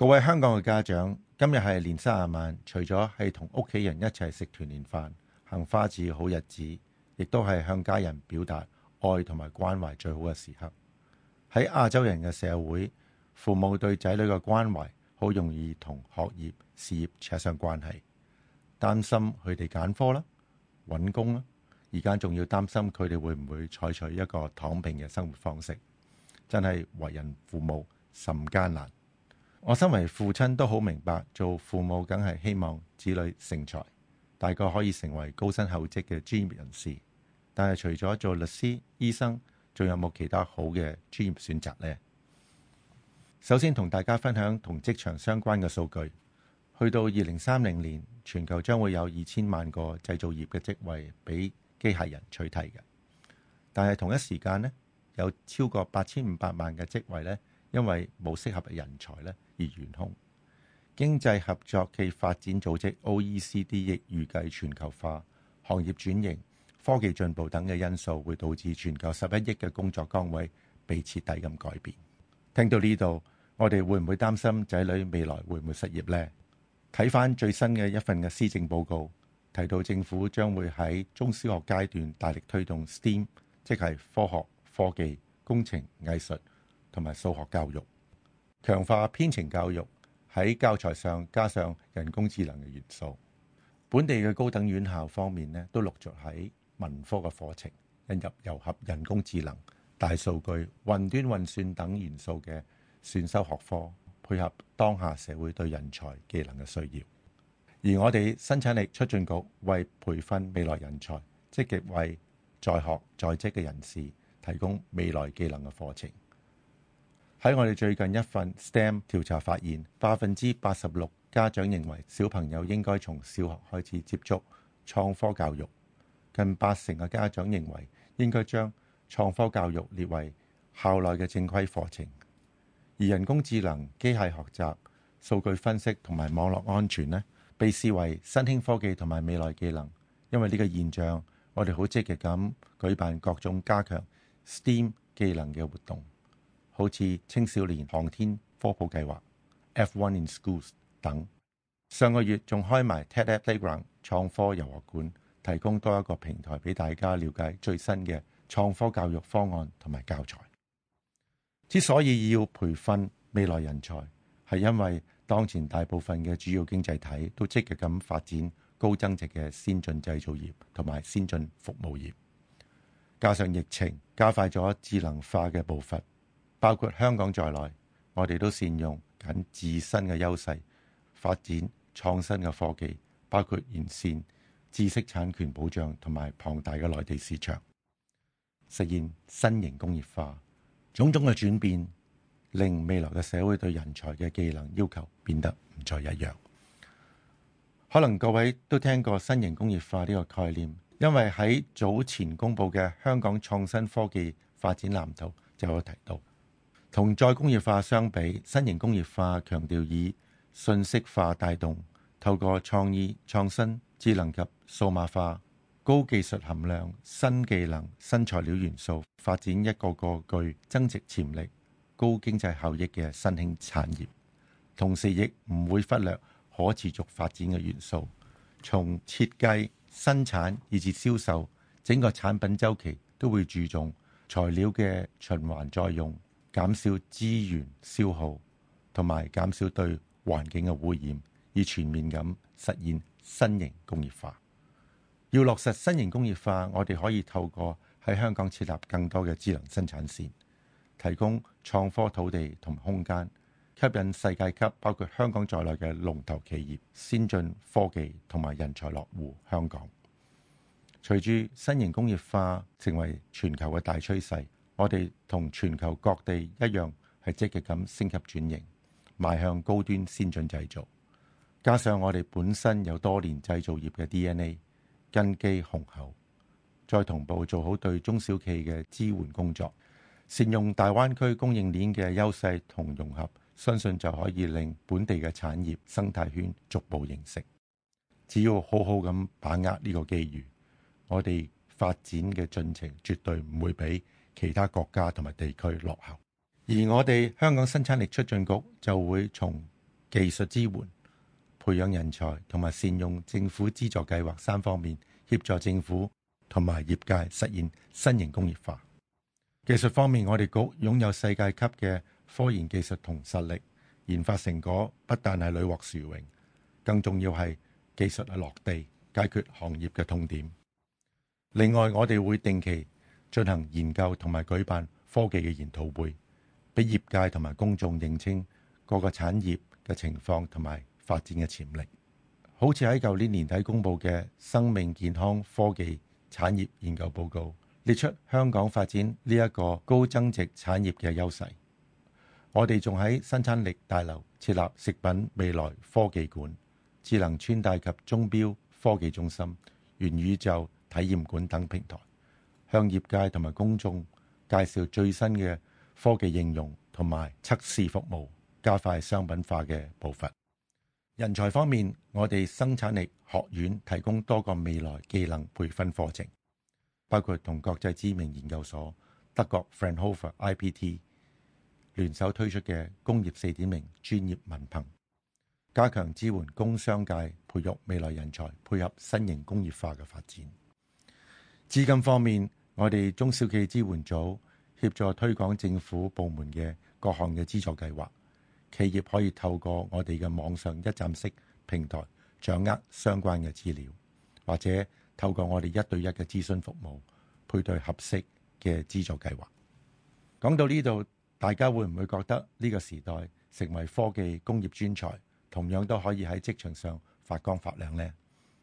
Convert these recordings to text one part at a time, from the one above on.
各位香港嘅家長，今日係年卅晚，除咗係同屋企人一齊食團年飯、行花市好日子，亦都係向家人表達愛同埋關懷最好嘅時刻。喺亞洲人嘅社會，父母對仔女嘅關懷，好容易同學業、事業扯上關係，擔心佢哋揀科啦、揾工啦，而家仲要擔心佢哋會唔會採取一個躺平嘅生活方式，真係為人父母甚艱難。我身為父親都好明白，做父母梗係希望子女成才，大個可以成為高薪厚職嘅專業人士。但係除咗做律師、醫生，仲有冇其他好嘅專業選擇呢？首先同大家分享同職場相關嘅數據，去到二零三零年，全球將會有二千萬個製造業嘅職位俾機械人取替嘅。但係同一時間呢，有超過八千五百萬嘅職位呢，因為冇適合嘅人才咧而懸空。經濟合作暨發展組織 （OECD） 亦預計，全球化、行業轉型、科技進步等嘅因素會導致全球十一億嘅工作崗位被徹底咁改變。聽到呢度，我哋會唔會擔心仔女未來會唔會失業呢？睇返最新嘅一份嘅施政報告，提到政府將會喺中小學階段大力推動 STEAM，即係科學、科技、工程、藝術、同埋數學教育，強化編程教育，喺教材上加上人工智能嘅元素。本地嘅高等院校方面咧，都陸續喺文科嘅課程引入融合人工智能、大數據、雲端運算等元素嘅選修學科，配合當下社會對人才技能嘅需要。而我哋生產力促進局為培訓未來人才，積極為在學在職嘅人士提供未來技能嘅課程。喺我哋最近一份 STEM 調查發現，百分之八十六家長認為小朋友應該從小學開始接觸創科教育，近八成嘅家長認為應該將創科教育列為校內嘅正規課程。而人工智能、機械學習、數據分析同埋網絡安全呢，被視為新興科技同埋未來技能。因為呢個現象，我哋好積極咁舉辦各種加強 STEM 技能嘅活動。好似青少年航天科普計劃 F1 in Schools 等，上個月仲開埋 TEDx Playground 創科遊學館，提供多一個平台俾大家了解最新嘅創科教育方案同埋教材。之所以要培訓未來人才，係因為當前大部分嘅主要經濟體都積極咁發展高增值嘅先進製造業同埋先進服務業，加上疫情加快咗智能化嘅步伐。包括香港在內，我哋都善用緊自身嘅優勢，發展創新嘅科技，包括完善知識產權保障同埋龐大嘅內地市場，實現新型工業化。種種嘅轉變令未來嘅社會對人才嘅技能要求變得唔再一樣。可能各位都聽過新型工業化呢個概念，因為喺早前公布嘅《香港創新科技發展藍圖》就有提到。同再工業化相比，新型工業化強調以信息化帶動，透過創意、創新、智能及數碼化、高技術含量、新技能、新材料元素發展一個個具增值潛力、高經濟效益嘅新興產業，同時亦唔會忽略可持續發展嘅元素，從設計、生產以至銷售，整個產品周期都會注重材料嘅循環再用。減少資源消耗，同埋減少對環境嘅污染，以全面咁實現新型工業化。要落實新型工業化，我哋可以透過喺香港設立更多嘅智能生產線，提供創科土地同空間，吸引世界級包括香港在內嘅龍頭企業、先進科技同埋人才落戶香港。隨住新型工業化成為全球嘅大趨勢。我哋同全球各地一樣，係積極咁升級轉型，邁向高端先進製造。加上我哋本身有多年製造業嘅 DNA 根基雄厚，再同步做好對中小企嘅支援工作，善用大灣區供應鏈嘅優勢同融合，相信就可以令本地嘅產業生態圈逐步形成。只要好好咁把握呢個機遇，我哋發展嘅進程絕對唔會比其他國家同埋地區落後，而我哋香港生產力促進局就會從技術支援、培養人才同埋善用政府資助計劃三方面協助政府同埋業界實現新型工業化。技術方面，我哋局擁有世界級嘅科研技術同實力，研發成果不但係屢獲殊榮，更重要係技術係落地解決行業嘅痛點，另外，我哋會定期。進行研究同埋舉辦科技嘅研討會，俾業界同埋公眾認清各個產業嘅情況同埋發展嘅潛力。好似喺舊年年底公布嘅《生命健康科技產業研究報告》，列出香港發展呢一個高增值產業嘅優勢。我哋仲喺生產力大樓設立食品未來科技館、智能穿戴及鐘錶科技中心、元宇宙體驗館等平台。向業界同埋公眾介紹最新嘅科技應用同埋測試服務，加快商品化嘅步伐。人才方面，我哋生產力學院提供多個未來技能培訓課程，包括同國際知名研究所德國 Fraunhofer IPT 聯手推出嘅工業四點零專業文憑，加強支援工商界培育未來人才，配合新型工業化嘅發展。資金方面。我哋中小企支援組協助推廣政府部門嘅各項嘅資助計劃，企業可以透過我哋嘅網上一站式平台掌握相關嘅資料，或者透過我哋一對一嘅諮詢服務，配對合適嘅資助計劃。講到呢度，大家會唔會覺得呢個時代成為科技工業專才，同樣都可以喺職場上發光發亮呢？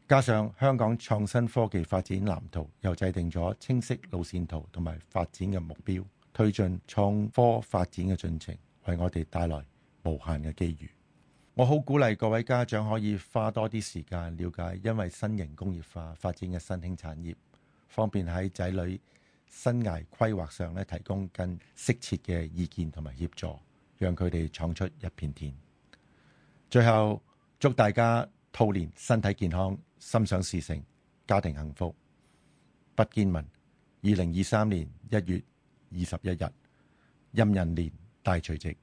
加上香港創新科技發展藍圖又制定咗清晰路線圖同埋發展嘅目標，推進創科發展嘅進程，為我哋帶來無限嘅機遇。我好鼓勵各位家長可以花多啲時間了解，因為新型工業化發展嘅新興產業，方便喺仔女生涯規劃上咧提供更適切嘅意見同埋協助，讓佢哋闖出一片天。最後，祝大家兔年身體健康！心想事成，家庭幸福。畢堅文，二零二三年一月二十一日，壬寅年大除夕。